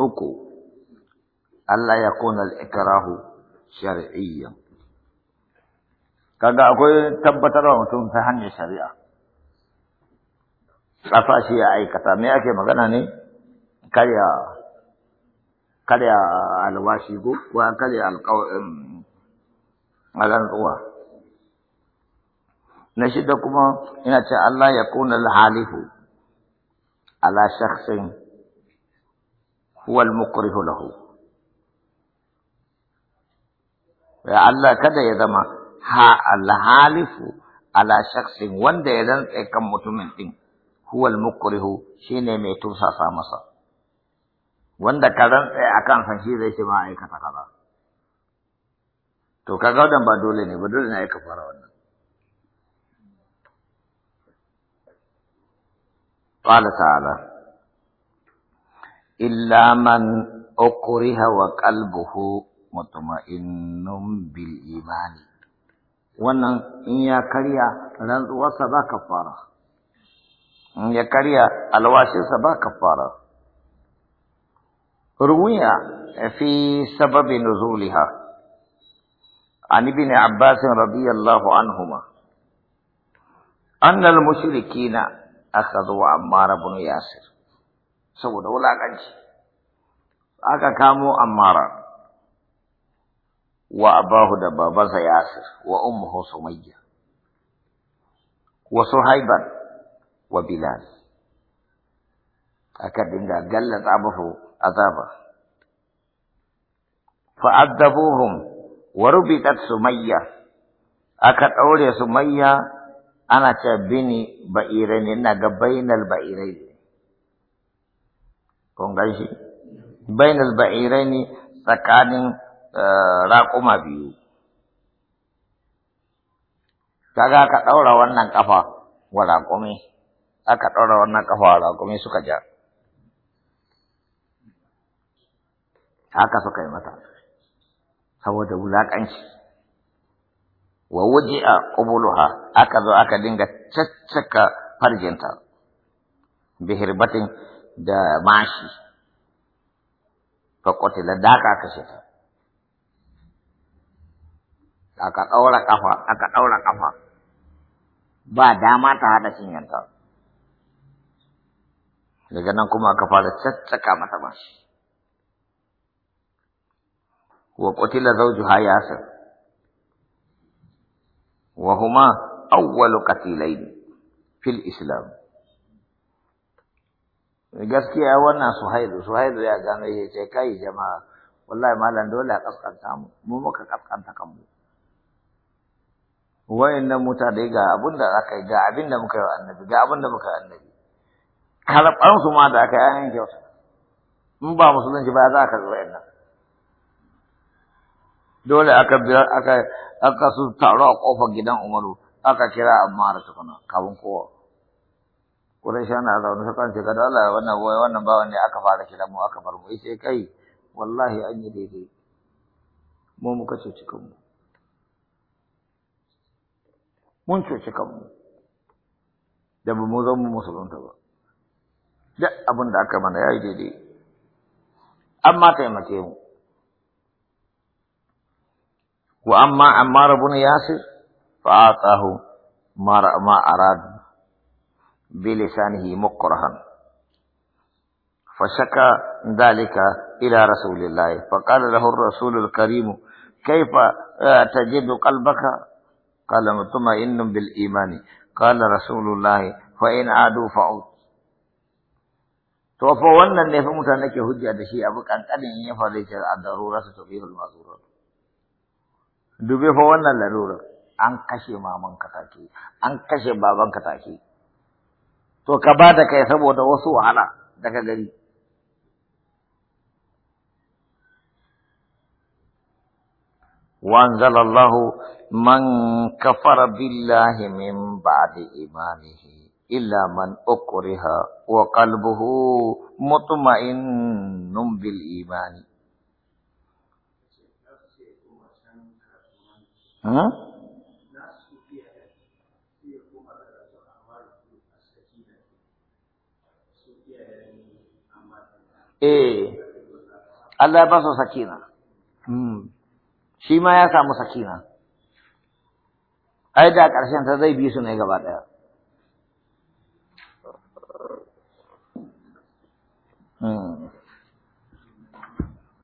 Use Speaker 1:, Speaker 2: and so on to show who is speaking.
Speaker 1: أكو ألا يكون الإكراه شرعيا كان أقول تبت رأم ثم تهني شريعة أفاشي أي كتا مياك مغناني كريا كريا الواشيكو وكريا القوم مغن روا نشدكما إن شاء الله يكون الحالف على شخصين Huwal al-mukrihu lahu ya Allah kada ya zama ha al-halifu ala shakhsin wanda ya rantsa kan mutumin din huwal al-mukrihu shine mai tusasa masa wanda ka rantsa akan san shi zai ce ma aikata kaza to kaga wannan ba dole ne ba dole ne aika fara wannan قال تعالى إلا من أكره وقلبه مطمئن بالإيمان وأن يا وانا إن يكريا وسبا كفارة يا يكريا الواسي سبا كفارة روي في سبب نزولها عن ابن عباس رضي الله عنهما أن المشركين أخذوا عمار بن ياسر saboda wulaƙanci aka kamo ammara wa abahu da babansa yasir wa ummuhu sumayya wa suhaiban wa bilal aka dinga gallata musu azaba fa'addabuhum wa rubitat sumayya aka ɗaure sumayya ana ce bini ne na ga bainal ba'irai kun gaishe bainal ba'iraini tsakanin eh, raƙuma biyu kaga ka ɗaura wannan ƙafa wa raƙumi aka ɗaura wannan ƙafa wa raƙumi suka ja haka suka yi mata saboda wulaƙanci wa wuji'a qubuluha aka zo aka dinga caccaka farjinta bihirbatin da mashi ka kwatila daka kashe ta aka ɗaura ƙafa aka ɗaura ƙafa ba dama ta haɗa cinyanta daga nan kuma aka fara caccaka mata mashi wa qutila zawjuha yasir wa huma awwalu qatilaini fil islam gaskiya wannan suhaidu suhaidu ya gano ya ce kai jama'a wallahi malam dole a kaskanta mu mu muka kaskanta kanmu wayannan mutane ga abin da aka yi ga abin da muka yi wa annabi ga abin da muka yi annabi karɓar su ma da aka yi ayan kyauta in ba musulunci ba za ka zo wayannan dole aka biya aka aka su taro a kofar gidan Umaru aka kira Amma da tukuna kawun kowa Quraisha na zaune su kan shiga dole wannan boye wannan bawan ne aka fara kiran mu aka bar mu sai kai wallahi an yi daidai mu muka cikin mu mun cikin mu da ba mu zama musulunta ba da abin da aka mana ya yi daidai amma taimake mu wa amma ammar ibn yasir fa atahu ma arad بلسانه مكرها فشكى ذلك الى رسول الله فقال له الرسول الكريم كيف آه، تجد قلبك قال مطمئن بالايمان قال رسول الله فان عادوا فعود توفى ون النفم تنك هجة دشي أبوك أنت أني يفضي كذا الضرورة ستفيه المعذورة دبي فون الضرورة أنكشي ما من كتاكي أنكشي بابا كتاكي to ka ba da kai saboda wasu wahala daga gari وأنزل الله من كفر بالله من بعد إيمانه إلا من أكره وقلبه مطمئن بالإيمان. ها؟ eh Allah ya sakina hmm. shi ma ya samu sakina ai da ƙarshen ta zai bi su ne gaba ɗaya Hmm.